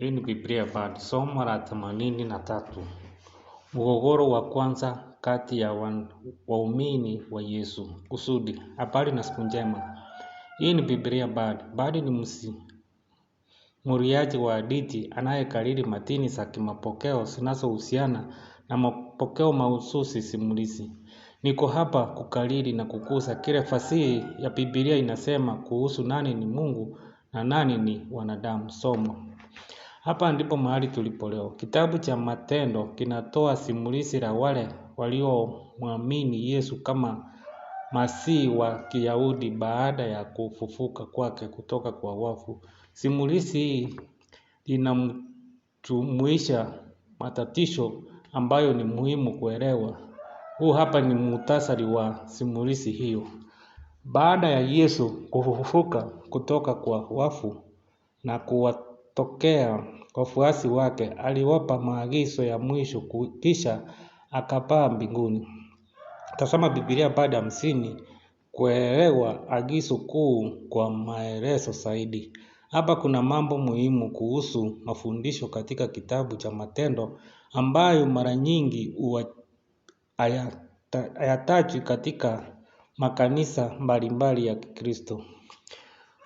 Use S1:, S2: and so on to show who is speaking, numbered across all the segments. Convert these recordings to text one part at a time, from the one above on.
S1: Hii ni Biblia Bard, somo la themanini na tatu. Mgogoro wa kwanza kati ya waumini wa Yesu. Kusudi, habari na siku njema. Hii ni Biblia Bard. Bard ni msimuliaji wa hadithi anayekariri matini za kimapokeo zinazohusiana na mapokeo mahususi simulizi. Niko hapa kukariri na kukuza kile fasihi ya Biblia inasema kuhusu nani ni Mungu na nani ni wanadamu. Somo hapa ndipo mahali tulipo leo. Kitabu cha Matendo kinatoa simulizi la wale waliomwamini Yesu kama Masihi wa Kiyahudi baada ya kufufuka kwake kutoka kwa wafu. Simulizi hii inamjumuisha matatisho ambayo ni muhimu kuelewa. Huu hapa ni muhtasari wa simulizi hiyo. Baada ya Yesu kufufuka kutoka kwa wafu na kuwa tokea wafuasi wake aliwapa maagizo ya mwisho kisha akapaa mbinguni. Tazama Biblia baada ya hamsini kuelewa agizo kuu kwa maelezo zaidi. Hapa kuna mambo muhimu kuhusu mafundisho katika kitabu cha Matendo ambayo mara nyingi hayatajwi katika makanisa mbalimbali ya Kikristo.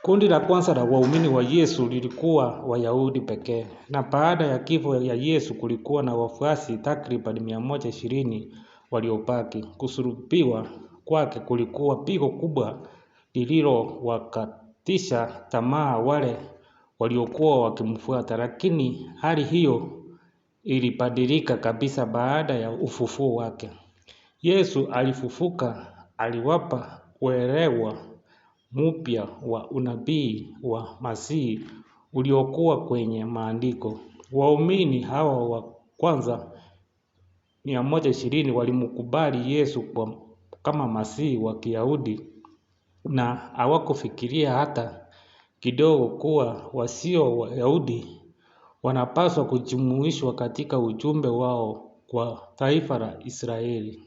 S1: Kundi la kwanza la waumini wa Yesu lilikuwa Wayahudi pekee, na baada ya kifo ya Yesu kulikuwa na wafuasi takribani mia moja ishirini waliobaki. Kusulubiwa kwake kulikuwa pigo kubwa lililowakatisha tamaa wale waliokuwa wakimfuata, lakini hali hiyo ilibadilika kabisa baada ya ufufuo wake. Yesu alifufuka, aliwapa uelewa mpya wa unabii wa Masihi uliokuwa kwenye maandiko. Waumini hawa wa kwanza ishirini walimkubali Yesu kwa, kama Masihi wa Kiyahudi na hawakufikiria hata kidogo kuwa wasio Wayahudi wanapaswa kujumuishwa katika ujumbe wao kwa taifa la Israeli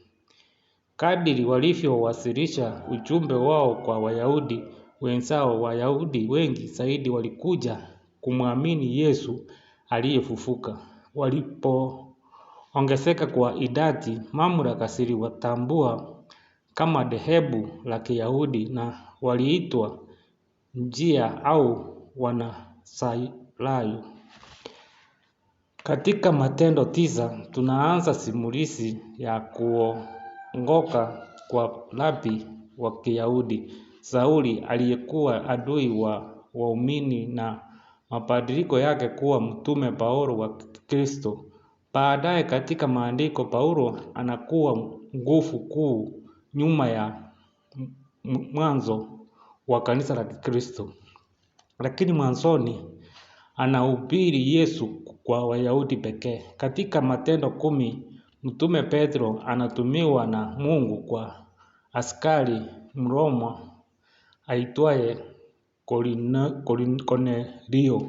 S1: kadiri walivyowasilisha ujumbe wao kwa Wayahudi wenzao Wayahudi wengi zaidi walikuja kumwamini Yesu aliyefufuka. Walipoongezeka kwa idadi, mamlaka ziliwatambua kama dhehebu la Kiyahudi na waliitwa njia au Wanasalayo. Katika Matendo tisa tunaanza simulizi ya kuo ng'oka kwa Rabi wa Kiyahudi Sauli aliyekuwa adui wa waumini na mabadiliko yake kuwa mtume Paulo wa Kristo. Baadaye katika maandiko Paulo anakuwa nguvu kuu nyuma ya mwanzo wa kanisa la Kikristo. Lakini mwanzoni anahubiri Yesu kwa Wayahudi pekee. Katika Matendo kumi Mtume Petro anatumiwa na Mungu kwa askari Mroma aitwaye Kornelio,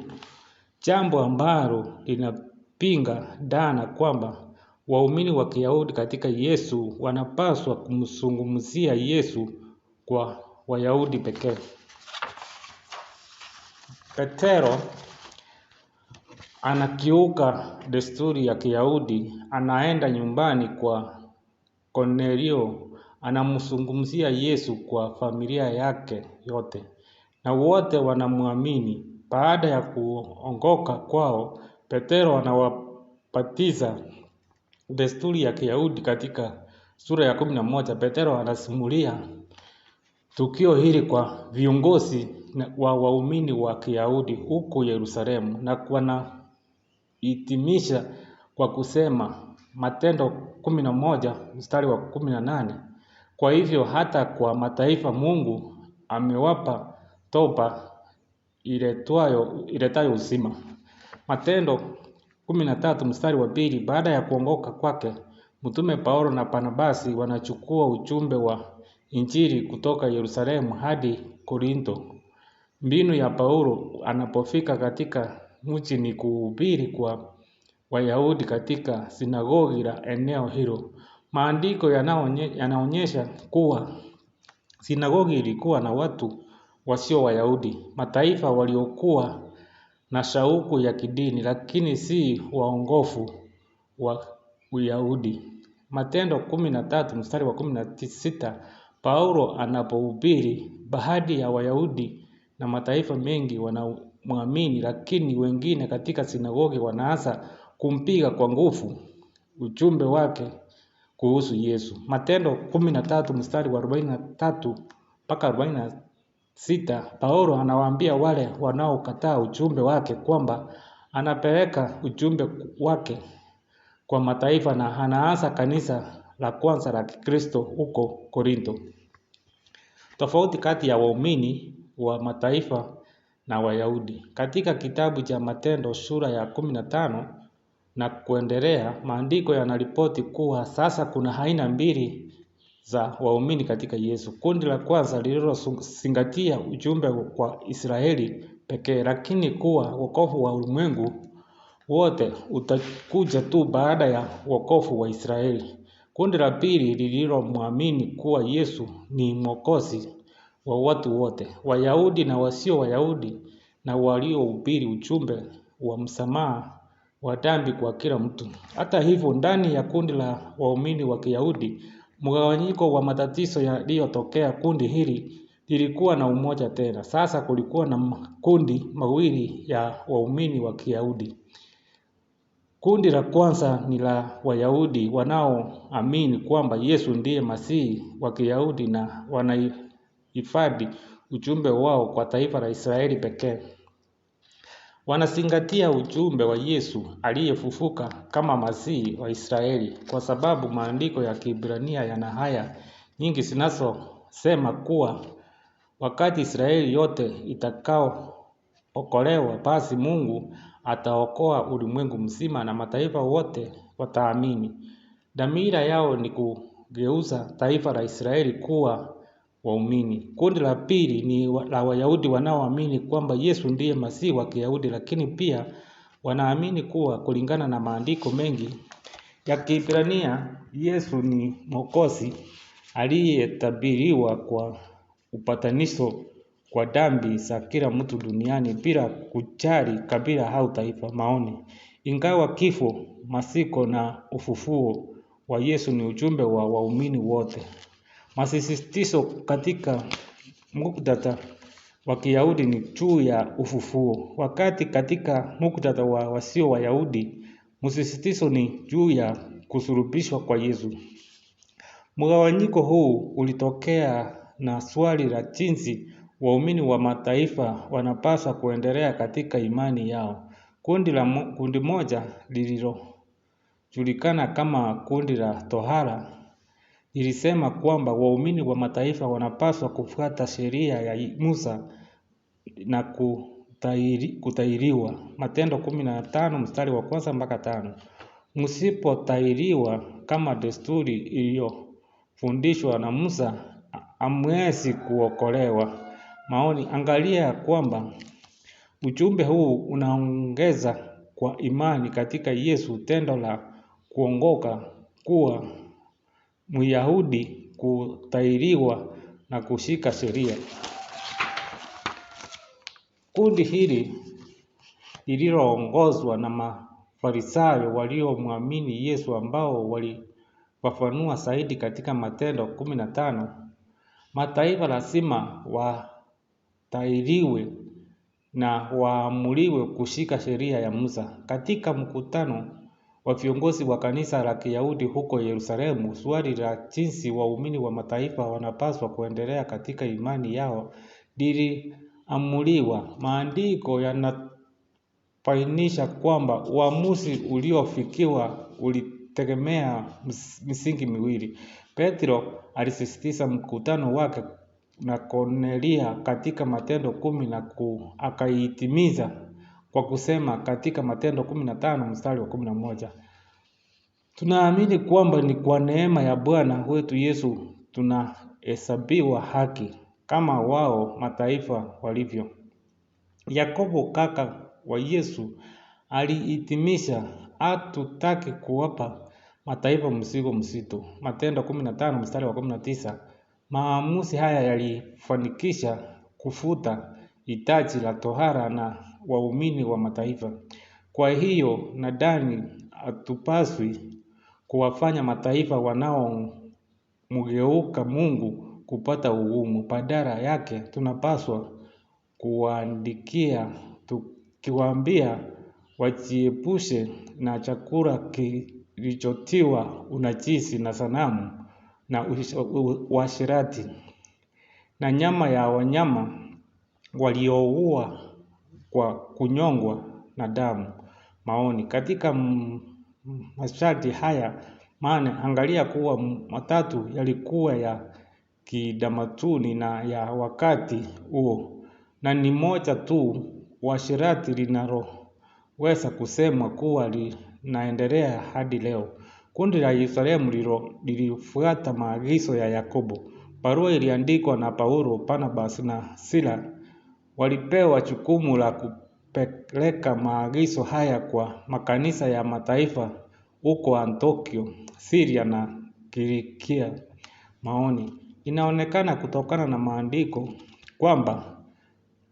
S1: jambo ambalo linapinga dhana kwamba waumini wa Kiyahudi katika Yesu wanapaswa kumzungumzia Yesu kwa Wayahudi pekee. Petero Anakiuka desturi ya Kiyahudi anaenda nyumbani kwa Kornelio anamzungumzia Yesu kwa familia yake yote na wote wanamuamini. Baada ya kuongoka kwao, Petero anawabatiza. Desturi ya Kiyahudi katika sura ya kumi na moja Petero anasimulia tukio hili kwa viongozi wa waumini wa Kiyahudi huko Yerusalemu na hitimisha kwa kusema Matendo kumi na moja mstari wa kumi na nane kwa hivyo hata kwa mataifa Mungu amewapa toba iletwayo iletayo uzima. Matendo kumi na tatu mstari wa pili baada ya kuongoka kwake mtume Paulo na Barnabasi wanachukua ujumbe wa Injili kutoka Yerusalemu hadi Korinto. Mbinu ya Paulo anapofika katika mji ni kuhubiri kwa Wayahudi katika sinagogi la eneo hilo. Maandiko yanaonyesha kuwa sinagogi ilikuwa na watu wasio Wayahudi, mataifa waliokuwa na shauku ya kidini, lakini si waongofu wa Uyahudi. Matendo kumi na tatu mstari wa kumi na sita Paulo anapohubiri, baadhi ya Wayahudi na mataifa mengi wana mwamini lakini wengine katika sinagogi wanaanza kumpiga kwa nguvu. Ujumbe wake kuhusu Yesu. Matendo kumi na tatu mstari wa arobaini na tatu mpaka arobaini na sita Paulo anawaambia wale wanaokataa ujumbe wake kwamba anapeleka ujumbe wake kwa mataifa na anaanza kanisa la kwanza la Kikristo huko Korinto. Tofauti kati ya waumini wa mataifa na Wayahudi. Katika kitabu cha Matendo sura ya kumi na tano na kuendelea, maandiko yanaripoti kuwa sasa kuna aina mbili za waumini katika Yesu. Kundi la kwanza lililozingatia ujumbe kwa Israeli pekee, lakini kuwa wokovu wa ulimwengu wote utakuja tu baada ya wokovu wa Israeli. Kundi la pili lililomwamini kuwa Yesu ni Mwokozi wa watu wote, Wayahudi na wasio Wayahudi, na waliohubiri ujumbe wa msamaha wa dhambi kwa kila mtu. Hata hivyo, ndani ya kundi la waumini wa Kiyahudi, mgawanyiko wa matatizo yaliyotokea kundi hili lilikuwa na umoja tena. Sasa kulikuwa na makundi mawili ya waumini wa Kiyahudi. Kundi la kwanza ni la Wayahudi wanaoamini kwamba Yesu ndiye Masihi wa Kiyahudi na wanai hifadhi ujumbe wao kwa taifa la Israeli pekee. Wanazingatia ujumbe wa Yesu aliyefufuka kama Masihi wa Israeli kwa sababu maandiko ya Kiebrania yana haya nyingi zinazosema kuwa wakati Israeli yote itakaookolewa, basi Mungu ataokoa ulimwengu mzima na mataifa wote wataamini. Dhamira yao ni kugeuza taifa la Israeli kuwa waumini. Kundi la pili ni la Wayahudi wanaoamini kwamba Yesu ndiye Masihi wa Kiyahudi, lakini pia wanaamini kuwa kulingana na maandiko mengi ya Kiebrania, Yesu ni Mwokozi aliyetabiriwa kwa upatanisho kwa dhambi za kila mtu duniani bila kujali kabila au taifa. Maoni: ingawa kifo, masiko na ufufuo wa Yesu ni ujumbe wa waumini wote. Masisitizo katika muktadha wa Kiyahudi ni juu ya ufufuo, wakati katika muktadha wa wasio Wayahudi msisitizo ni juu ya kusurubishwa kwa Yesu. Mgawanyiko huu ulitokea na swali la jinsi waumini wa mataifa wanapaswa kuendelea katika imani yao. Kundi, la, kundi moja lililojulikana kama kundi la tohara ilisema kwamba waumini wa mataifa wanapaswa kufuata sheria ya Musa na kutairiwa Matendo kumi na tano mstari wa kwanza mpaka tano. msipotairiwa kama desturi iliyofundishwa na Musa, hamwezi kuokolewa. Maoni, angalia kwamba ujumbe huu unaongeza kwa imani katika Yesu tendo la kuongoka kuwa Myahudi kutahiriwa na kushika sheria. Kundi hili lililoongozwa na Mafarisayo waliomwamini Yesu ambao walifafanua zaidi katika Matendo kumi na tano, mataifa lazima watahiriwe na waamuliwe kushika sheria ya Musa. Katika mkutano wa viongozi wa Kanisa la Kiyahudi huko Yerusalemu swali la jinsi waumini wa Mataifa wanapaswa kuendelea katika imani yao liliamuliwa. Maandiko yanabainisha kwamba uamuzi uliofikiwa ulitegemea misingi miwili. Petro alisisitiza mkutano wake na Kornelia katika Matendo kumi na akaiitimiza kwa kusema katika Matendo 15 mstari wa 11, tunaamini kwamba ni kwa neema ya Bwana wetu Yesu tunahesabiwa haki kama wao mataifa walivyo. Yakobo kaka wa Yesu alihitimisha, hatutaki kuwapa mataifa mzigo mzito. Matendo 15 mstari wa 19. Maamuzi haya yalifanikisha kufuta hitaji la tohara na waumini wa mataifa. Kwa hiyo nadhani hatupaswi kuwafanya mataifa wanaomgeuka Mungu kupata ugumu. Badala yake tunapaswa kuwaandikia tukiwaambia wajiepushe na chakula kilichotiwa unajisi na sanamu na uasherati na nyama ya wanyama walioua kwa kunyongwa na damu. Maoni katika masharti haya maana angalia kuwa matatu yalikuwa ya kidamatuni na ya wakati huo na ni moja tu washirati linaloweza kusemwa kuwa linaendelea hadi leo. Kundi la Yerusalemu lilifuata maagizo ya Yakobo. Barua iliandikwa na Paulo, Barnabas na Sila walipewa jukumu la kupeleka maagizo haya kwa makanisa ya mataifa huko Antiokia, Syria na Kilikia. Maoni: inaonekana kutokana na maandiko kwamba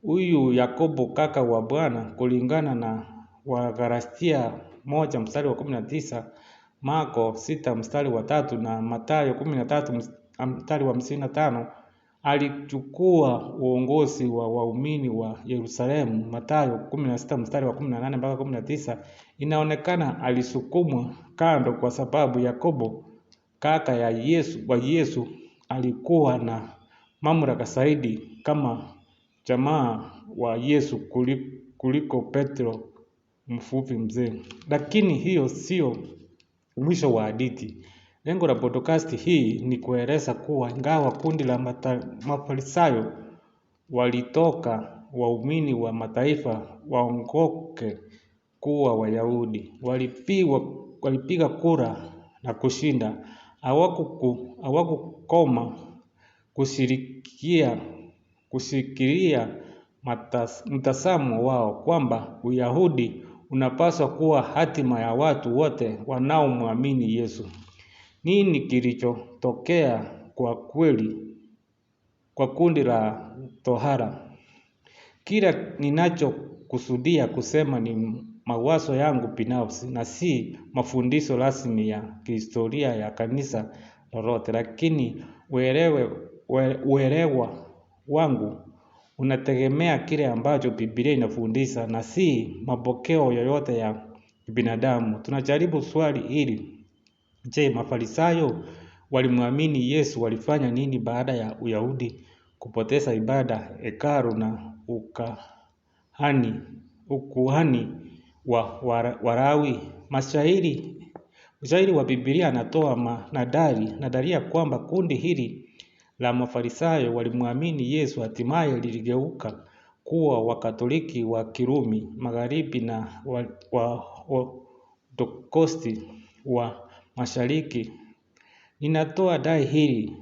S1: huyu Yakobo kaka wa Bwana kulingana na Wagalatia moja mstari wa kumi na tisa Marko sita mstari wa tatu na Mathayo kumi na tatu mstari wa hamsini na tano alichukua uongozi wa waumini wa Yerusalemu. Mathayo 16 mstari wa 18 mpaka 19, inaonekana alisukumwa kando kwa sababu Yakobo kaka ya Yesu wa Yesu alikuwa na mamlaka zaidi kama jamaa wa Yesu kuliko Petro mfupi mzee. Lakini hiyo sio mwisho wa hadithi. Lengo la podcast hii ni kueleza kuwa ingawa kundi la Mafarisayo walitoka waumini wa mataifa waongoke kuwa Wayahudi. Walipiga kura na kushinda. Hawakukoma kushikilia mtazamo wao kwamba Uyahudi unapaswa kuwa hatima ya watu wote wanaomwamini Yesu nini kilichotokea kwa kweli kwa kundi la tohara. Kila ninachokusudia kusema ni mawazo yangu binafsi na si mafundisho rasmi ya kihistoria ya kanisa lolote, lakini uelewa wangu unategemea kile ambacho Biblia inafundisha na si mapokeo yoyote ya binadamu. Tunajaribu swali hili Je, Mafarisayo walimwamini Yesu walifanya nini baada ya Uyahudi kupoteza ibada hekalu na ukahani, ukuhani wa Warawi? Mashairi Mshairi wa Biblia anatoa manadari nadaria kwamba kundi hili la Mafarisayo walimwamini Yesu hatimaye liligeuka kuwa Wakatoliki wa Kirumi Magharibi na wa, wa, wa Mashariki. Ninatoa dai hili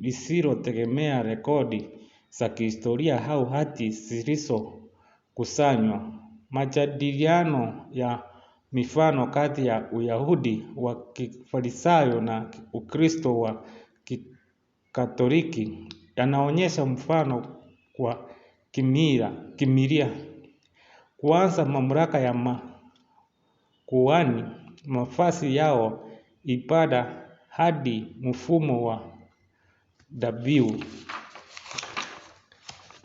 S1: lisilotegemea rekodi za kihistoria au hati zilizokusanywa. Majadiliano ya mifano kati ya uyahudi wa kifarisayo na ukristo wa kikatoliki yanaonyesha mfano kwa kimiria Kwanza mamlaka ya makuhani mafasi yao ibada hadi mfumo wa dhabihu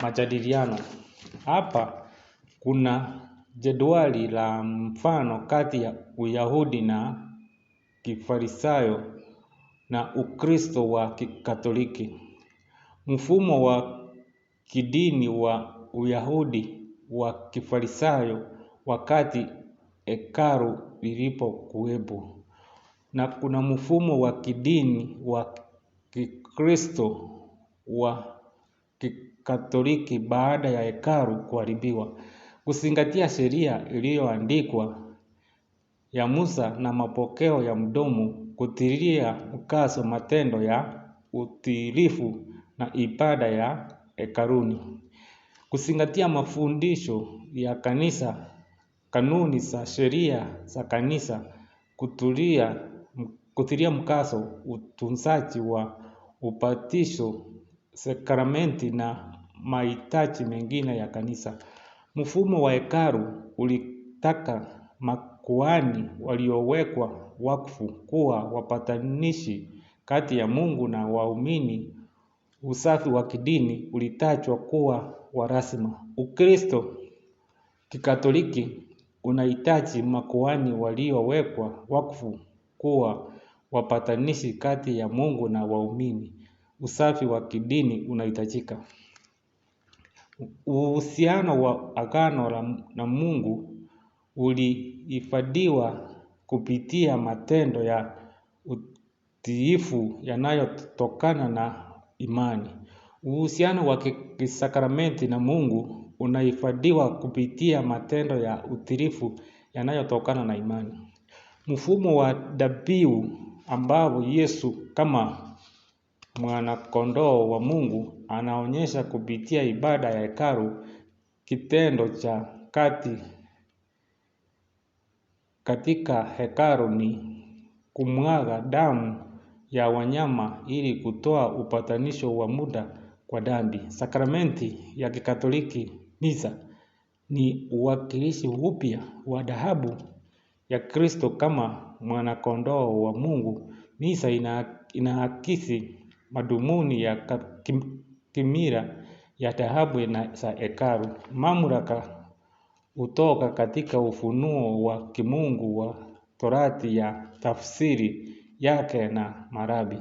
S1: majadiliano. Hapa kuna jedwali la mfano kati ya Uyahudi na Kifarisayo na Ukristo wa Kikatoliki. Mfumo wa kidini wa Uyahudi wa Kifarisayo wakati hekalu lilipokuwepo na kuna mfumo wa kidini wa Kikristo wa Kikatoliki baada ya hekalu kuharibiwa. Kuzingatia sheria iliyoandikwa ya Musa na mapokeo ya mdomo, kutilia mkazo matendo ya utiilifu na ibada ya hekaluni. Kuzingatia mafundisho ya kanisa, kanuni za sheria za kanisa, kutulia kutiria mkazo utunzaji wa upatisho, sakramenti na mahitaji mengine ya kanisa. Mfumo wa hekalu ulitaka makuani waliowekwa wakfu kuwa wapatanishi kati ya Mungu na waumini. Usafi wa kidini ulitajwa kuwa wa lazima. Ukristo Kikatoliki unahitaji makuani waliowekwa wakfu kuwa wapatanishi kati ya Mungu na waumini. Usafi wa kidini unahitajika. Uhusiano wa agano na Mungu ulihifadhiwa kupitia matendo ya utiifu yanayotokana na imani. Uhusiano wa kisakramenti na Mungu unahifadhiwa kupitia matendo ya utiifu yanayotokana na imani mfumo wa dhabihu ambao Yesu kama mwanakondoo wa Mungu anaonyesha kupitia ibada ya hekalu, kitendo cha kati katika hekalu ni kumwaga damu ya wanyama ili kutoa upatanisho wa muda kwa dhambi. Sakramenti ya Kikatoliki misa ni uwakilishi upya wa dhahabu ya Kristo kama mwanakondoo wa Mungu, misa inaakisi madhumuni ya kimira ya dhahabu za hekalu. Mamlaka hutoka katika ufunuo wa kimungu wa Torati ya tafsiri yake na marabi.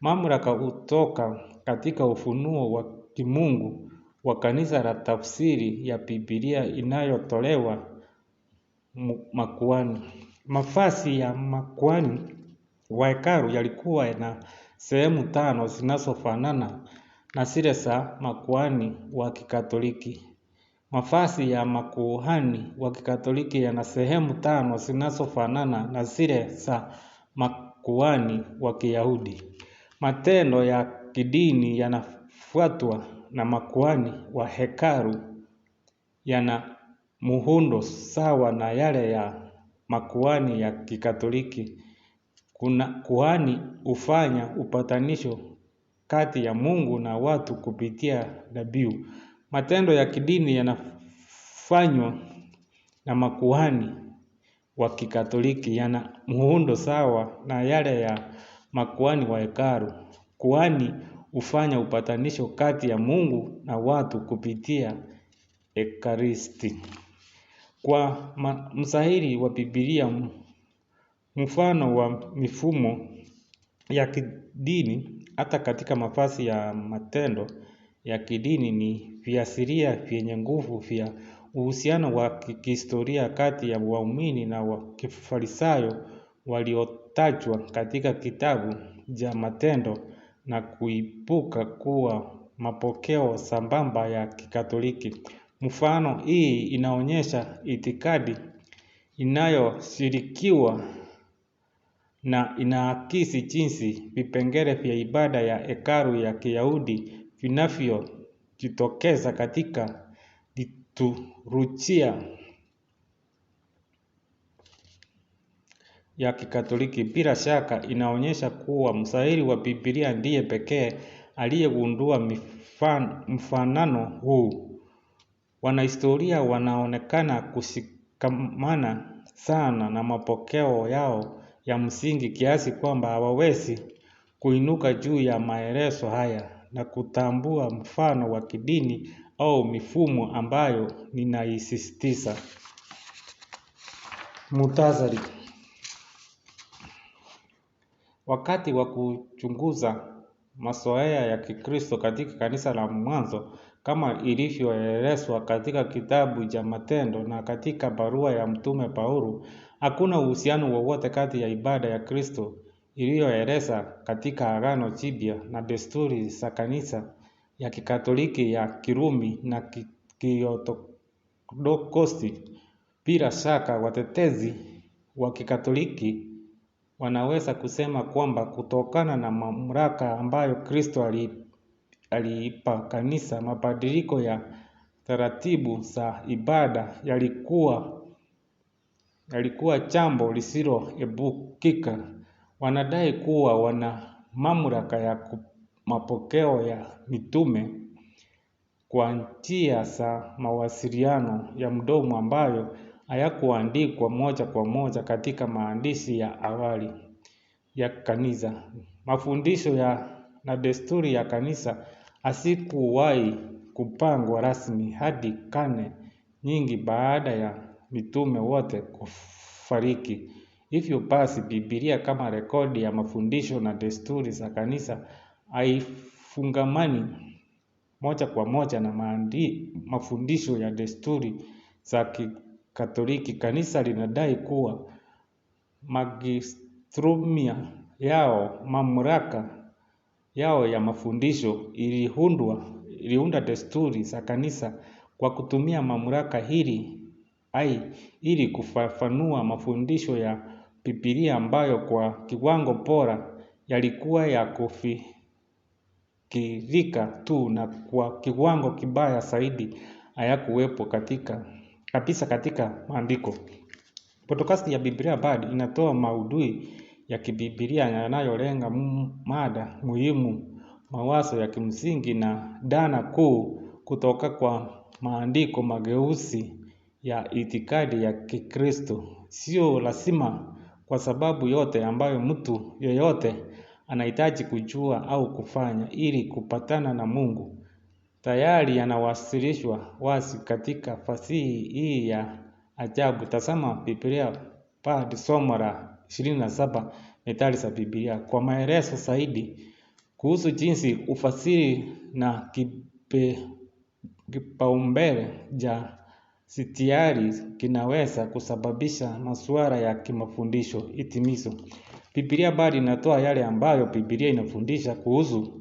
S1: Mamlaka hutoka katika ufunuo wa kimungu wa kanisa la tafsiri ya Biblia inayotolewa makuani. Mafasi ya makuani wa hekalu yalikuwa na sehemu tano zinazofanana na zile za makuani wa Kikatoliki. Mafasi ya makuhani wa Kikatoliki yana sehemu tano zinazofanana na zile za makuani wa Kiyahudi. Matendo ya kidini yanafuatwa na makuani wa hekalu yana muhundo sawa na yale ya makuani ya Kikatoliki. Kuna kuhani hufanya upatanisho kati ya Mungu na watu kupitia dhabihu. Matendo ya kidini yanafanywa na makuhani wa Kikatoliki yana muundo sawa na yale ya makuhani wa hekalu. Kuhani hufanya upatanisho kati ya Mungu na watu kupitia Ekaristi. Kwa msahiri wa Biblia mfano wa mifumo ya kidini hata katika mafasi ya matendo ya kidini ni viasiria vyenye nguvu vya uhusiano wa kihistoria kati ya waumini na wakifarisayo waliotajwa katika kitabu cha Matendo na kuibuka kuwa mapokeo sambamba ya Kikatoliki. Mfano hii inaonyesha itikadi inayoshirikiwa na inaakisi jinsi vipengele vya ibada ya hekalu ya Kiyahudi vinavyojitokeza katika liturujia ya Kikatoliki. Bila shaka inaonyesha kuwa mshairi wa Biblia ndiye pekee aliyegundua mfanano huu. Wanahistoria wanaonekana kushikamana sana na mapokeo yao ya msingi kiasi kwamba hawawezi kuinuka juu ya maelezo haya na kutambua mfano wa kidini au mifumo ambayo ninaisisitiza. Mutazari. Wakati wa kuchunguza mazoea ya Kikristo katika kanisa la mwanzo kama ilivyoelezwa katika kitabu cha Matendo na katika barua ya Mtume Paulo, hakuna uhusiano wowote kati ya ibada ya Kristo iliyoeleza katika Agano Jipya na desturi za Kanisa ya Kikatoliki ya Kirumi na Kiorthodoksi. Bila shaka, watetezi wa Kikatoliki wanaweza kusema kwamba kutokana na mamlaka ambayo Kristo ali aliipa Kanisa mabadiliko ya taratibu za ibada yalikuwa yalikuwa jambo lisiloepukika. Wanadai kuwa wana mamlaka ya mapokeo ya mitume kwa njia za mawasiliano ya mdomo ambayo hayakuandikwa moja kwa moja katika maandishi ya awali ya Kanisa. Mafundisho ya na desturi ya Kanisa asikuwahi kupangwa rasmi hadi karne nyingi baada ya mitume wote kufariki. Hivyo basi Biblia kama rekodi ya mafundisho na desturi za kanisa haifungamani moja kwa moja na maandi, mafundisho ya desturi za Kikatoliki. Kanisa linadai kuwa magistrumia yao mamlaka yao ya mafundisho iliundwa iliunda desturi za kanisa kwa kutumia mamlaka hili ai ili kufafanua mafundisho ya Biblia ambayo kwa kiwango bora yalikuwa ya kufikirika tu na kwa kiwango kibaya zaidi hayakuwepo katika kabisa katika maandiko. Podcast ya Biblia Bard inatoa maudhui ya kibibilia yanayolenga mada muhimu, mawazo ya kimsingi na dana kuu kutoka kwa maandiko. Mageuzi ya itikadi ya Kikristo sio lazima kwa sababu yote ambayo mtu yoyote anahitaji kujua au kufanya ili kupatana na Mungu tayari yanawasilishwa wazi katika fasihi hii ya ajabu. Tazama Biblia, Bard, somo la 27 methali za Biblia kwa maelezo zaidi kuhusu jinsi ufasiri na kipaumbele ja sitiari kinaweza kusababisha masuala ya kimafundisho itimizo Biblia bali inatoa yale ambayo Biblia inafundisha kuhusu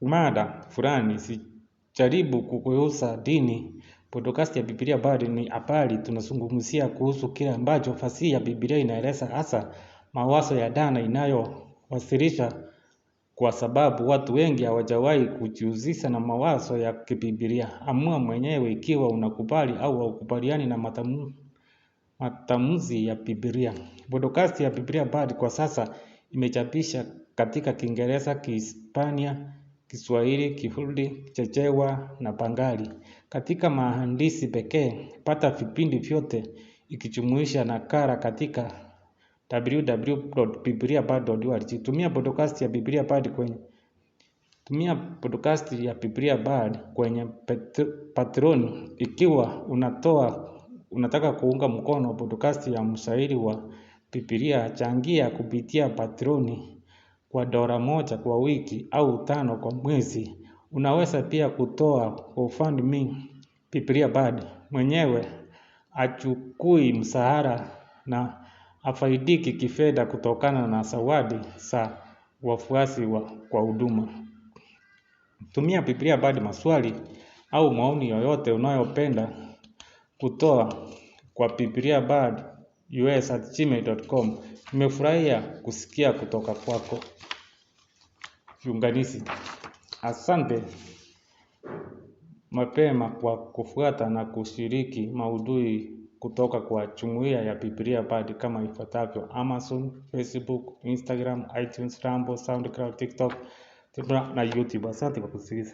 S1: mada fulani sijaribu kukuusa dini podcast ya Biblia bado ni habari. Tunazungumzia kuhusu kile ambacho fasihi ya Biblia inaeleza, hasa mawazo ya dana inayowasilisha, kwa sababu watu wengi hawajawahi kujiuzisa na mawazo ya kibibilia Amua mwenyewe ikiwa unakubali au haukubaliani na matamu, matamuzi ya bibilia Podcast ya Biblia bado kwa sasa imechapisha katika Kiingereza, Kihispania, Kiswahili, Kihindi, chechewa na Bangali. Katika mahandisi pekee, pata vipindi vyote ikijumuisha nakala katika www.bibliabard.org. Tumia podcast ya Biblia Bard kwenye Tumia podcast ya Biblia Bard kwenye Patreon ikiwa unatoa unataka kuunga mkono podcast ya mshairi wa Biblia, changia kupitia patroni kwa dola moja kwa wiki au tano kwa mwezi Unaweza pia kutoa GoFundMe Biblia Bard mwenyewe achukui msahara na afaidiki kifedha kutokana na zawadi za wafuasi wa, kwa huduma. Tumia Biblia Bard maswali au maoni yoyote unayopenda kutoa kwa Biblia Bard us at gmail.com. Nimefurahia kusikia kutoka kwako. Kiunganishi. Asante mapema kwa kufuata na kushiriki maudhui kutoka kwa jumuiya ya Biblia Bard kama ifuatavyo: Amazon, Facebook, Instagram, iTunes, Rumble, SoundCloud, TikTok, Twitter na YouTube. Asante kwa kusikiliza.